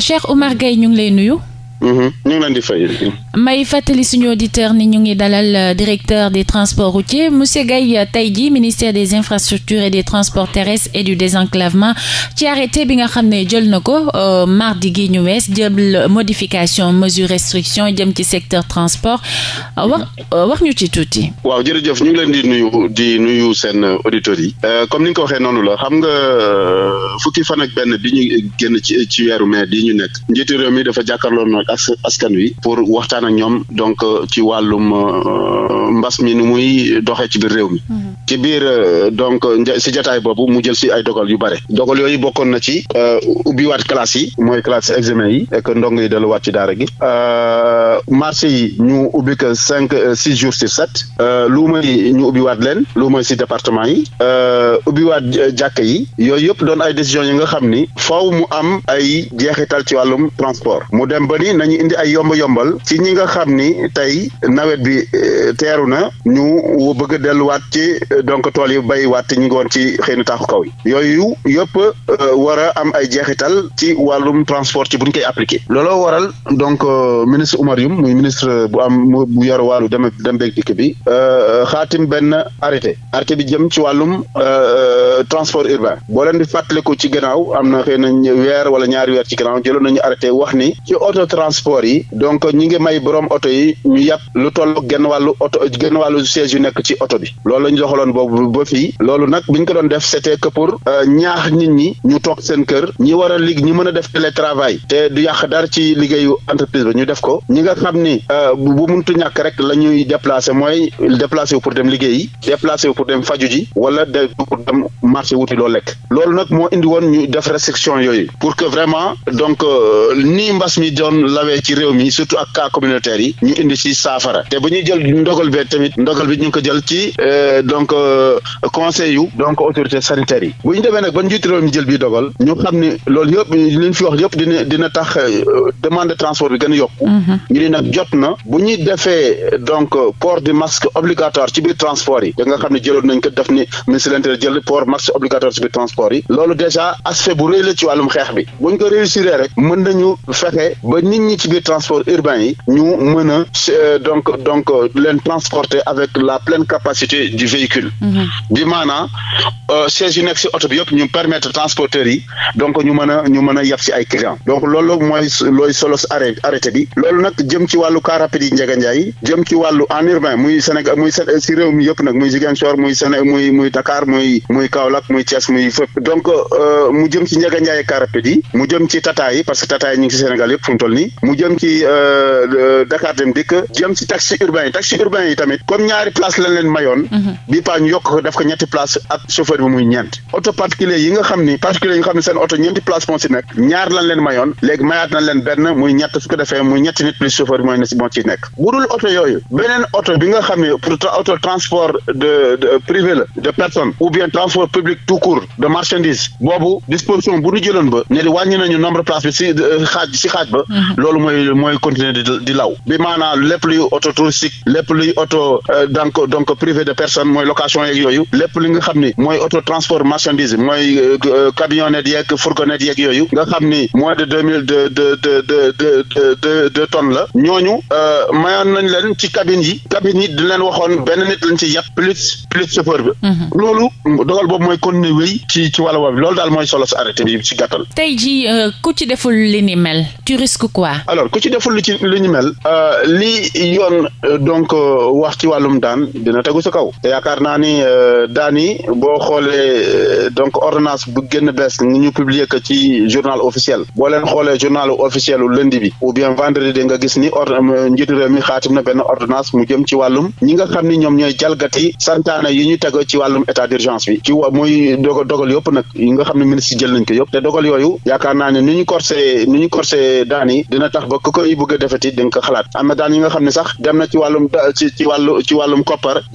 Cheikh Oumar Gueye ñu ngi lay nuyu. Mm-hmm. ñu ngi leen di fay. may fàttali suñu auditeur ni ñu ngi dalal euh, directeur des transports routiers monsieur Gaye euh, tey jii ministère des infrastructures et des transports terrestres et du désenclavement ci arrêté bi nga xam ne jël na ko euh, mardi gi ñu wees jël modification mesure restriction jëm ci secteur transport wax wax ñu ci tuuti. waaw jërëjëf ñu ngi leen di nuyu di seen auditeurs yi. comme ni nga ko waxee noonu la xam nga fukki fan ak benn bi ñu génn ci ci weeru mai bi ñu nekk njiitu réew mi dafa jàkkaarloo ak askan wi pour waxtaan ak ñoom donc euh, ci wàllum euh, mbas mi nu muy doxee ci biir réew mi. Mhm. ci biir euh, donc si jataay boobu mu jël si ay dogal yu bare dogal yooyu bokkoon na ci ubbiwaat classes yi mooy classe examen yi ak ndong yi delluwaat ci daara gi marché yi ñu ubbi ko cinq six jours sur sept lu may ñu ubbiwaat leen lu may si département yi. ubbiwaat eh, jàkka yi yooyu yëpp doon ay décisions yi nga xam ni faaw mu am ay jeexital ci wàllum transport mu dem ba ni nañu indi ay yomb yombal ci ñi nga xam ni tey nawet bi eh, teeru na ñu bëgg a delluwaat ci eh, donc tool yi béywaat ñi ngi woon ci xëy na taaxu kaw yi yooyu yëpp war a am ay jeexital ci wàllum transport ci buñ koy appliqué looloo waral donc ministre Oumar Youm muy ministre bu am bu yor wàllu dem dem beeg dikk bi xaatim benn arrêté arrêté bi ci wàllum Euh, transport urbain boo leen di fàttaliku ci gannaaw am na xëy nañ weer wala ñaari weer ci gannaaw jëloon nañu arrêté wax ni ci auto transport yi donc ñi ngi may boroom oto yi ñu yàpp lu toll genn wàllu oto genn wàllu siège yu nekk ci oto bi loolu la ñu doxaloon boobu ba fii loolu nag bi ñu ko doon def c'était que pour euh, ñaax nit ñi ñu toog seen kër ñi war a lig ñi mën a def télétravail te du yàq dara ci liggéeyu entreprise bi ñu def ko ñi nga xam ni euh, bu muntu ñàkk rek la ñuy déplacer mooy déplacer wu dem liggéeyi déplacer wu pour dem faju ji dem marché wuti loo lekk loolu nag moo indi woon ñu def restriction yooyu pour que vraiment donc euh, nii mbas mi doon lawee ci réew mi surtout ak cas communautaire yi ñu indi ci saafara te bu ñuy jël ndogal be tamit ndogal bi ñu ngi ko jël ci euh, donc euh, conseil yu donc autorité sanitaire yi bu ñu nag ba njiitu réew bii dogal ñu xam ni loolu yëpp liñ fi wax yëpp dina dina tax demande de transport bi gën a yokku mhm. ñu ne nag jot na bu ñuy defee donc port du masque obligatoire ci biir transport yi da nga xam ne jëloon nañ ko def ni ministre wàllu port masque obligatoire ci biir transport yi loolu déjà aspect bu rëy la ci wàllum xeex bi bu ko réussir rek mën nañu fexe ba nit ñi ci biir transport urbain yi ñu mën a euh, donc donc euh, leen transporter avec la pleine capacité du véhicule mhm. bi maanaam euh, siège yu nekk ci oto bi yëpp ñu permettre transporteurs yi donc ñu mën a ñu a yeb ci ay clients donc loolu mooy looy solo arrêté bi loolu nag jëm ci wàllu car rapide yi Ndiaga Ndiaye jëm ci wàllu en urbain muy Sénégal muy si muy muy Kaolack muy Thiès muy fépp donc euh, mu jëm ci njëga njaaye mu jëm ci tata parce que tata yi ci Sénégal yëpp fu nii mu jëm ci euh, euh, Dakar dem dikk jëm ci taxi urbain yi taxi urbain yi tamit comme ñaari place lañ leen mayoon mhm. bi paa yokk ko def ñetti place ak chauffeur bi muy ñeent oto particulier yi nga xam ni particulier yi nga xam ne seen oto ñeenti place moo ci nekk ñaar lañ leen mayoon léegi mayaat nañ leen benn muy ñett su benn transport public tout court de marchandise boobu disposition bu ñu jëloon ba ne di wàññi nañu nombre place bi si euh, xaaj si xaaj ba mm-hmm. loolu mooy mooy continuer di law bi maanaam lépp luy auto touristique lépp luy auto euh, donc donc privé de personne mooy location yeeg yooyu lépp li nga xam ni mooy auto transport marchandise mooy euh, camionnette yeeg fourgonnette yeeg yooyu nga xam ni moins de deux mille de de de de de deux tonnes la ñooñu mayoon nañ leen ci cabine yi cabine yi di leen waxoon benn nit lañ ci yàpp plus bi mm-hmm. dogal boobu mooy continuer wéy ci ci wàllu loolu daal mooy solo sa bi ci gàttal. tey jii euh, ku ci deful li ni mel tu risques quoi. alors ku ci deful li ci li ni mel. Euh, li yoon euh, donc wax ci wàllum daan dina tegu si kaw. te yaakaar naa ni daan yi boo xoolee donc ordonnance bu génn bees ni ñu publier ko ci journal officiel boo leen xoolee journal officiel lu lundi bi ou bien vendredi nga gis ni ordre njiitu réew mi xaatim na benn ordonnance mu jëm ci wàllum ñi nga xam ni ñoom ñooy jalgati santaane yi ñu teg ci wàllum état d'urgence marché ci wa muy dogal dogal yëpp nag yi nga xam ne ministre jël nañ ko yëpp te dogal yooyu yaakaar naa ne ni ñu corsé ni ñu corsé daan yi dina tax ba ku koy bëgg a defati di nga ko xalaat am na nga xam ne sax dem na ci wàllum ci ci wàllu ci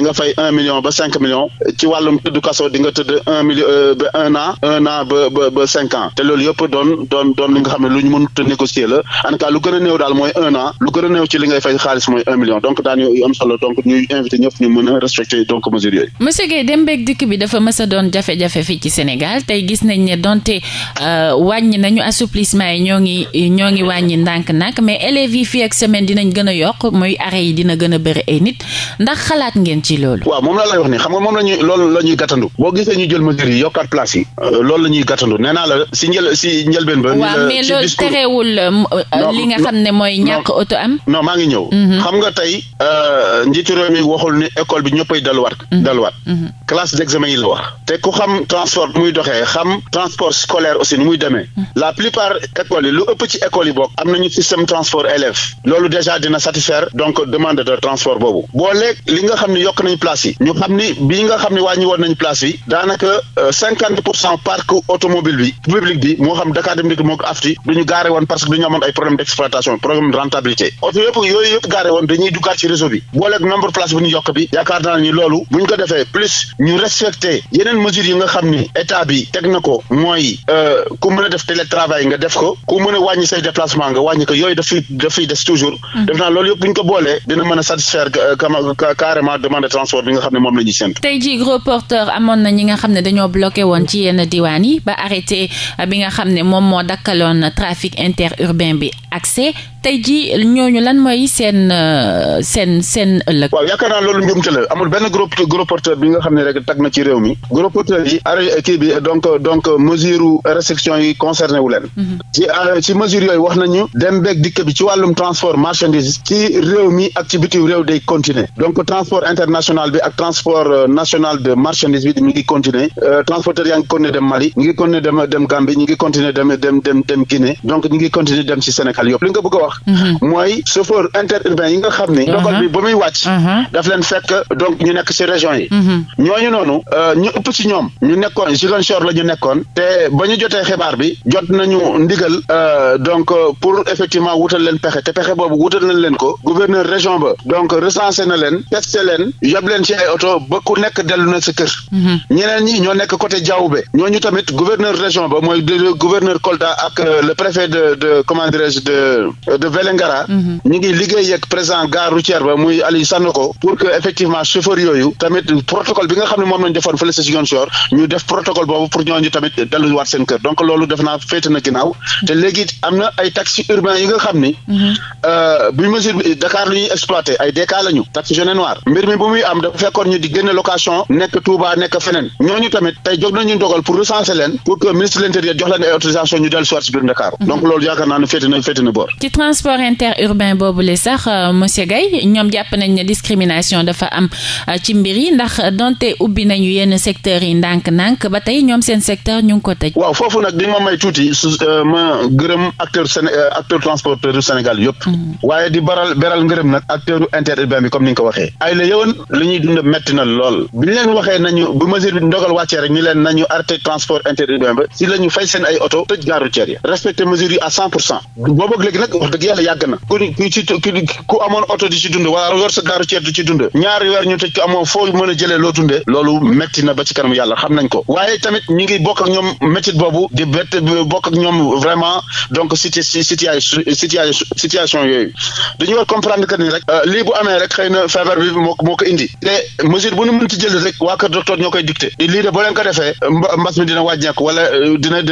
nga fay un million ba cinq millions ci wàllum tëdd kaso di nga tëdd un million euh, ba un an un ba ba ba cinq ans te loolu yëpp doon don doon li nga xam ne lu ñu mënut a négocier la en tout cas lu gën a néew daal mooy un an lu gën a néew ci li ngay fay xaalis mooy un daan yu am solo donc ñuy invité ñëpp ñu mën a donc mesures yooyu dafa mës doon jafe-jafe fii ci Sénégal tey gis nañ ne donte euh, wàññi nañu assouplissement yi ñoo ngi ñoo ngi wàññi ndànk nag mais élèves yi fi ak semaine dinañ gën a yokk mooy arrêt yi dina gën a bëri ay nit ndax xalaat ngeen ci loolu. waaw moom laa lay wax ni xam nga moom la ñuy loolu la ñuy gàttandu boo gisee ñu jël mesures yi yokkaat place yi euh, loolu la ñuy gàttandu nee naa la si njël si njëlbeen ba. waaw mais loolu terewul euh, li nga xam ne mooy ñàkk auto am. non maa ngi ñëw. Mhm. xam nga tey njiitu réew mi waxul école bi ñëppay daluwaat mhm. daluwaat mhm. classe d'examen la wax te ku xam transport muy doxee xam transport scolaire aussi ni muy demee mm. la plupart écoles yi lu ëpp ci écoles yi bokk am nañu système transport élève loolu déjà dina satisfaire donc demande de transport boobu boo li nga xam ne yokk nañu place yi ñu xam ni bii nga xam ne wàññi woon nañu place euh, bi public parce que du ñu ay problème d' problème de rentabilité oto yooyu yëpp gaare woon dañuy duggaat ci réseau bi boo léeg après yeneen mesures yi nga xam ni état bi teg na ko mooy euh, ku mën a def télétravail nga def ko ku mën a wàññi say déplacement nga wàññi ko yooyu dafay dafay des toujours mm. def naa loolu yëpp bu ñu ko boolee dina mën a satisfaire euh, carrément demande de transport bi nga xam ne moom la ñuy séntu tey jii gros porteur amoon na ñi nga xam ne dañoo bloqué woon ci yenn diwaan yi ba arrêté euh, bi nga xam ne moom moo dakkaloon trafic interurbain bi accès tey ji ñooñu lan mooy seen euh, seen seen ëllëg. waaw yaakaar naa loolu njuumte la amul benn groupe gros porteur bi nga xam ne rek tag na ci réew mi. gros porteur yi arrêté kii bi donc mesure restriction yi concerné wu leen. Mhm. ci euh, ci mesure yooyu wax nañu dem beeg dikk bi ci wàllum transport marchandise ci réew mi ak ci bitim réew day continuer donc transport international bi ak transport euh, national de marchandise bi mi ngi continuer transporteur yaa ngi continuer dem Mali ñi ngi continuer dem dem Gambie ñi Fall Diop li nga bëgg a wax mhm. mooy chauffeur interurbain yi nga xam ni mhm. dogal bi ba muy wàcc mhm. daf leen fekk donc ñu nekk ci région yi ñooñu noonu euh, ñu ëpp ci ñoom ñu nekkoon Ziguinchor la ñu nekkoon te ba ñu jotee xibaar bi jot nañu ndigal euh, donc euh, pour effectivement wutal leen pexe te pexe boobu wutal nañ leen ko gouverneur région ba donc recensé na leen testé leen yóbbu leen ci ay oto ba ku nekk dellu na sa kër ñeneen ñi ñoo nekk côté Diaoubé ñooñu tamit gouverneur de euh, de Vélingara. Mhm. ñu ngi liggéey ak président gare routière ba muy Aliou Sanoko pour que effectivement chauffeur yooyu tamit protocole bi nga xam ne moom lañ defoon fële sa te léegi am na ay taxi urbain yi nga xam ni mhm. euh, bu mesure Dakar lu ñuy ay DK lañu taxi jaune noir mbir mi bu muy am fekkoon ñu génne location nekk Touba nekk feneen ñooñu tamit tey jóg nañu dogal pour recenser leen pour que ministre l'intérieur jox leen ay autorisation ñu dellu benn boor. ci transport interurbain boobu le sax euh, monsieur Gaye ñoom jàpp nañ ne discrimination dafa am euh, ci mbir yi ndax donte ubbi nañu yenn secteurs yi ndànk-ndànk ba tey ñoom seen secteur ñu ngi ko tëj. waaw foofu nag di ma may tuuti su euh, ma gërëm acteur Séné acteur transporteur du Sénégal yëpp. Mm. waaye di baral beral ngërëm nag acteur interurbain bi comme ni nga ko waxee. ay la yowoon li ñuy dund métti na lool bi ñu leen waxee nañu bu mesure bi ndogal wàccee rek ñu leen nañu arrêté transport interurbain ba si la ñu oto tëj boobu léegi nag wax dëgg yàlla yàgg na ku ñu ci ku amoon oto di ci dund wala yor sa gaaru ceeb di ci dund a na ba ci kanam yàlla xam nañ ko waaye tamit ñu ngi bokk ak ñoom métit boobu di bett bokk ak ñoom vraiment donc siti situation situation yooyu dañu war comprendre que ni rek euh, lii bu amee rek xëy na feebar bi moo moo ko indi te mesure bu nu mënti jël rek waa kër docteur ñoo koy dicté lii de boo leen ko defee mbas mi dina wàññeeku wala euh, dina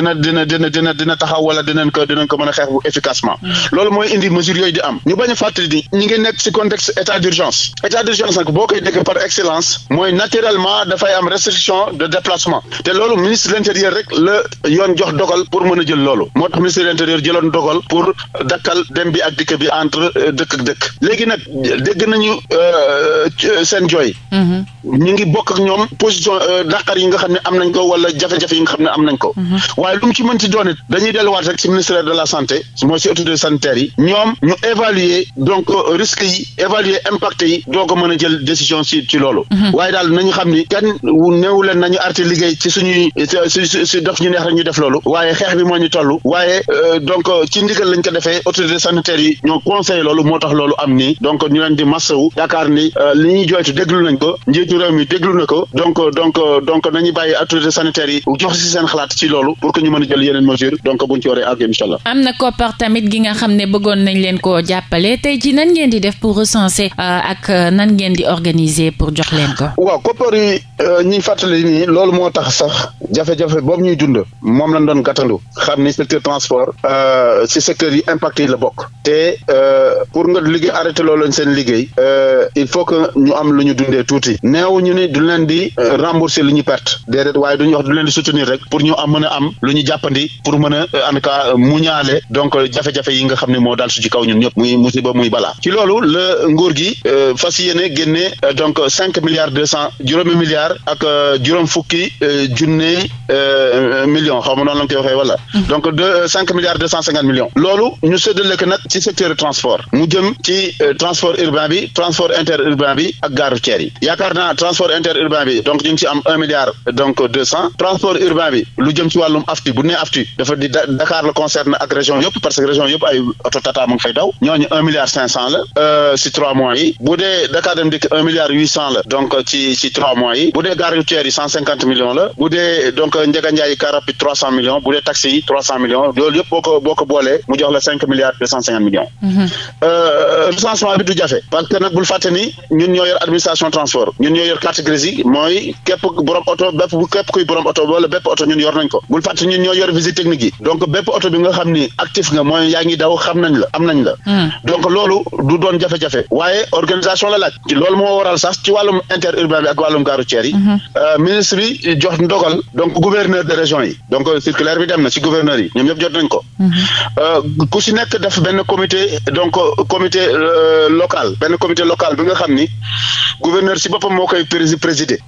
dina taxaw wala dinañ ko dinañ ko mën a xeex bu efficace financement mm. loolu mooy indi mesure yooyu di am ñu bañ a fàttali ni ngi nekk ci contexte état d'urgence état d'urgence nag boo koy dégg par excellence mooy naturellement dafay am restriction de déplacement te loolu ministre l'intérieur rek la yoon jox dogal pour mën a jël loolu moo tax ministre de l'intérieur jëloon dogal pour dakkal dem bi ak dikk bi entre euh, dëkk dëkk léegi nag dégg nañu euh, euh, seen jooy mm-hmm. ñu ngi bokk ak ñoom position naqar yi nga xam ne am nañ ko wala jafe-jafe yi nga xam ne am ko mm-hmm. waaye lu mu la santé autorités sanitaires yi ñoom ñu évaluer donc euh, risques yi évaluer impact yi doo ko mën a jël décision ci ci loolu mhm. waaye daal nañu xam ni kenn néewu leen nañu arrêté liggéey ci suñuy si ñu neex rek ñu def loolu waaye xeex bi moo ñu toll waaye euh, donc euh, ci ndigal lañ ko defee autorités sanitaires yi ñoo conseillé loolu moo tax loolu am nii donc ñu leen di massawu yaakaar ni li ñuy joytu déglu nañ ko njiitu réew mi déglu na ko donc donc donc nañu bàyyi autorités sanitaires yi jox si seen xalaat ci loolu pour que ñu mën a jël yeneen mesures xeet gi nga xam ne bëggoon nañ leen koo jàppale tey ji nan ngeen di def pour recenser euh, ak euh, nan ngeen di organiser pour jox leen ko. waaw koppar yi euh, ñuy fàttali ni loolu moo tax sax jafe boobu ñuy dund moom lañ doon gàttandu xam ni secteur transport ci secteur yi impacté yi la bokk te pour nga liggéey lool loolu seen liggéey il faut que ñu am lu ñu dundee tuuti neew ñu ni du leen di rembourser lu ñu perte déedéet waaye du ñu wax du leen di soutenir rek pour ñu am mën a am lu ñu jàppandi pour mën a en jafe-jafe yi nga xam ne moo daal su ci kaw ñun ñëpp muy musiba muy balaa ci loolu la nguur gi euh, fas yéene génne euh, donc cinq milliards deux cent juróomi milliards ak euh, juróom fukki junne millions xaw ma noonu la ñu koy waxee wala mm-hmm. donc de cinq milliards deux cent cinquante millions loolu ñu séddale ko nag ci secteur transport mu jëm ci transport urbain bi transport interurbain bi ak gare routière yi yaakaar na transport interurbain bi donc ñu ngi ci am un milliard donc transport urbain bi lu jëm ci wàllum afti région yëpp ay oto tata mu ngi fay ñooñu un milliard cinq cent la euh, si trois mois yi bu dee Dakar dem dikk un milliard la donc ci ci trois mois yi bu dee gare routière la bu dee donc Ndiaga Ndiaye yi car trois cent millions bu dee taxi yi trois cent millions loolu yëpp boo ko boo mu jox la cinq milliards deux cent cinquante millions. Mhm. Euh, recensement bi du jafe parce que nag bul fàtte ni ñun ñoo administration transport ñun ñoo yor carte mooy képp borom yaa ngi daw xam nañ la am nañ la. Hmm. donc loolu du doon jafe-jafe. waaye organisation la laaj. loolu moo waral sax ci wàllum interurbain bi ak wàllum gaaru ceer yi. Hmm. Euh, ministre bi jox ndogal. donc gouverneur de région yi. donc circulaire bi dem na ci gouverneur yi ñoom ñëpp jot nañ ko. Hmm. Euh, ku si nekk def benn comité donc comité euh, local benn comité local bi nga xam ni gouverneur ci boppam moo koy présider.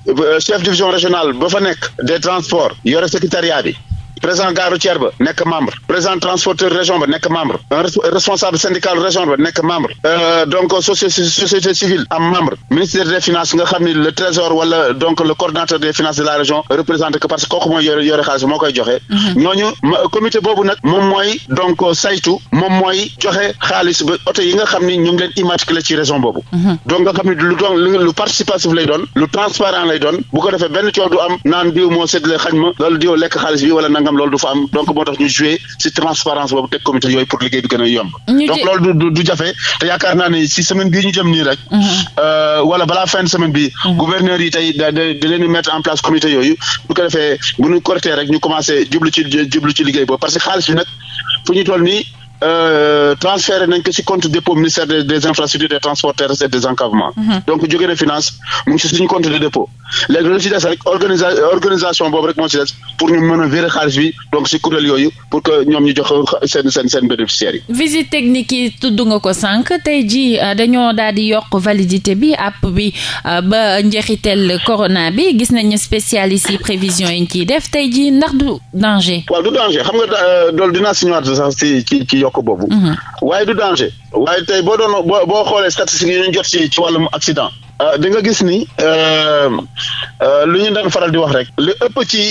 chef division régionale ba fa nekk des transports yore secrétariat bi. président gare routière ba nekk membre président transporteur région ba nekk membre euh, donc société civile am membre ministère des finances nga xam ni le trésor wala donc le coordonnateur des finances de la région représenté que parce yore yore xaalis moo koy joxe. Mhm. ñooñu comité boobu nag moom mooy donc saytu moom mooy joxe xaalis oto yi nga xam ni ñu ngi leen immatriculé ci région boobu. Mhm. donc nga xam ni lu doon lay doon lu transparent lay doon bu nangam loolu du fa donc moo tax ñu joué ci transparence boobu teg comité yooyu pour liggéey bi gën a donc loolu du jafe te yaakaar naa ne ci semaine bii ñu jëm nii rek mhm. euh, wala balaa fin semaine bi mhm. gouverneur yi tey da da leen mettre en place comité yooyu bu ko defee bu ñu correcté rek ñu commencé jublu ci liggéey boobu parce que xaalis bi nag fu ñu toll nii euh, transféré nañ ko ci compte dépôt ministère des infrastructures des transports terrestres des encavements mhm. donc jóge na finance mu ngi ci compte de dépôt léegi lu bi ji euh, dañoo daal di yokk validité bi app bi euh, ba njeexitel corona bi gis nañu spécialiste yi prévision yi ñu ciy def tey ji ndax du danger waaw du danger xam nga euh, loolu dinaa si ñëwaat sax ci ci ci yokk boobu mhm. waaye du danger. waaye tey boo doon bo boo xoolee statistiques yi ñu jot ci ci wàllum accident. Euh, di nga gis ni euh, euh, lu ñu daan faral di wax rek li ëpp ci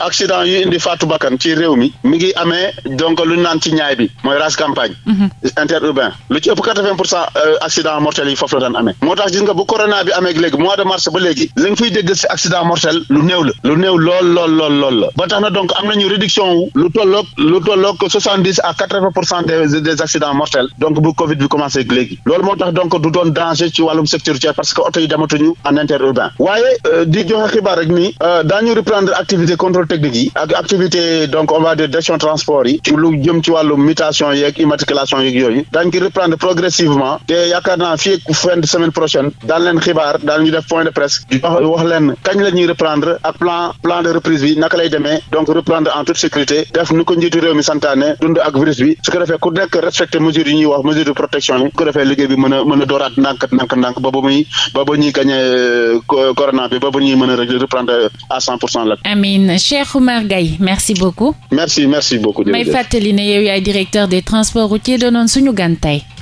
accident yu indi faatu bakkan ci réew mi mi ngi amee donc lu naan ci ñaay bi mooy race campagne. Mhm. interurbain lu ci ëpp quatre-vingt pour cent accident mortel yi foofu la daan amee moo tax gis nga bu corona bi amee léegi mois de mars ba léegi lu néew la lu néew lool lool lool lool la ba tax na donc am nañu réduction wu lu tolloog lu tolloog soixante-dix à quatre-vingt pour cent des des accidents mortels donc bu Covid bi commencé léegi routière parce que oto yi dematuñu en interurbain waaye euh, di joxe xibaar rek ni euh, daañu reprendre activité contrôle technique yi ak activité donc on va dire transport yi ci lu jëm ci wàllu mutation yeeg immatriculation yeeg yooyu daañu ko reprendre progressivement te yaakaar naa fii ak fin de semaine leen xibaar daan ñu leen kañ la ñuy naka lay demee donc reprendre en toute sécurité def nu ko njiitu réew mi santaane dund ak virus bi su ko defee ku nekk respecté mesures yi ñuy wax mesure de protection yi ba ba ñuy gagné euh, corona bi ba ba ñuy mën a reprendre euh, à cent pour cent la. amiin Cheikh Oumar Gaye merci beaucoup. merci merci beaucoup jërëjëf may fàttali ne yow yaay directeur des transports routiers doonoon suñu gan tey.